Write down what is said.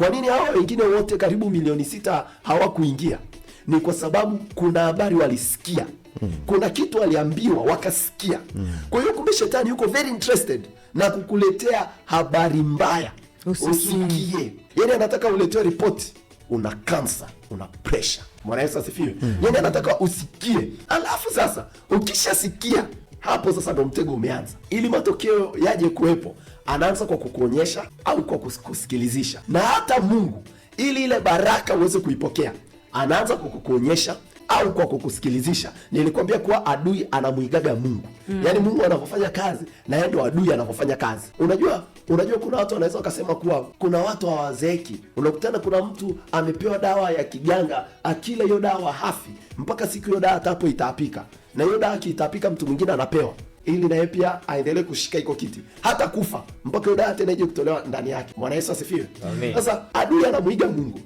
Kwa nini hawa wengine wote karibu milioni sita hawakuingia? Ni kwa sababu kuna habari walisikia Hmm. kuna kitu waliambiwa wakasikia Hmm. kwa hiyo kumbe shetani yuko very interested na kukuletea habari mbaya usikie. Yani anataka uletewe ripoti una kansa, una presha. Bwana Yesu asifiwe. Hmm. Yani anataka usikie, alafu sasa ukishasikia hapo sasa ndo mtego umeanza. Ili matokeo yaje kuwepo, anaanza kwa kukuonyesha au kwa kusikilizisha. Na hata Mungu, ili ile baraka uweze kuipokea, anaanza kwa kukuonyesha au kwa kukusikilizisha. Nilikwambia kuwa adui anamwigaga Mungu mm. Yaani Mungu anavyofanya kazi na yeye ndo adui anavyofanya kazi. Unajua, unajua kuna watu wanaweza wakasema kuwa kuna watu hawazeeki. Unakutana kuna mtu amepewa dawa ya kiganga, akila hiyo dawa hafi mpaka siku hiyo dawa tapo itaapika na hiyo dawa itapika mtu mwingine anapewa ili naye pia aendelee kushika iko kiti hata kufa mpaka hiyo tena ije kutolewa ndani yake. Bwana Yesu asifiwe. Sasa adui anamwiga Mungu,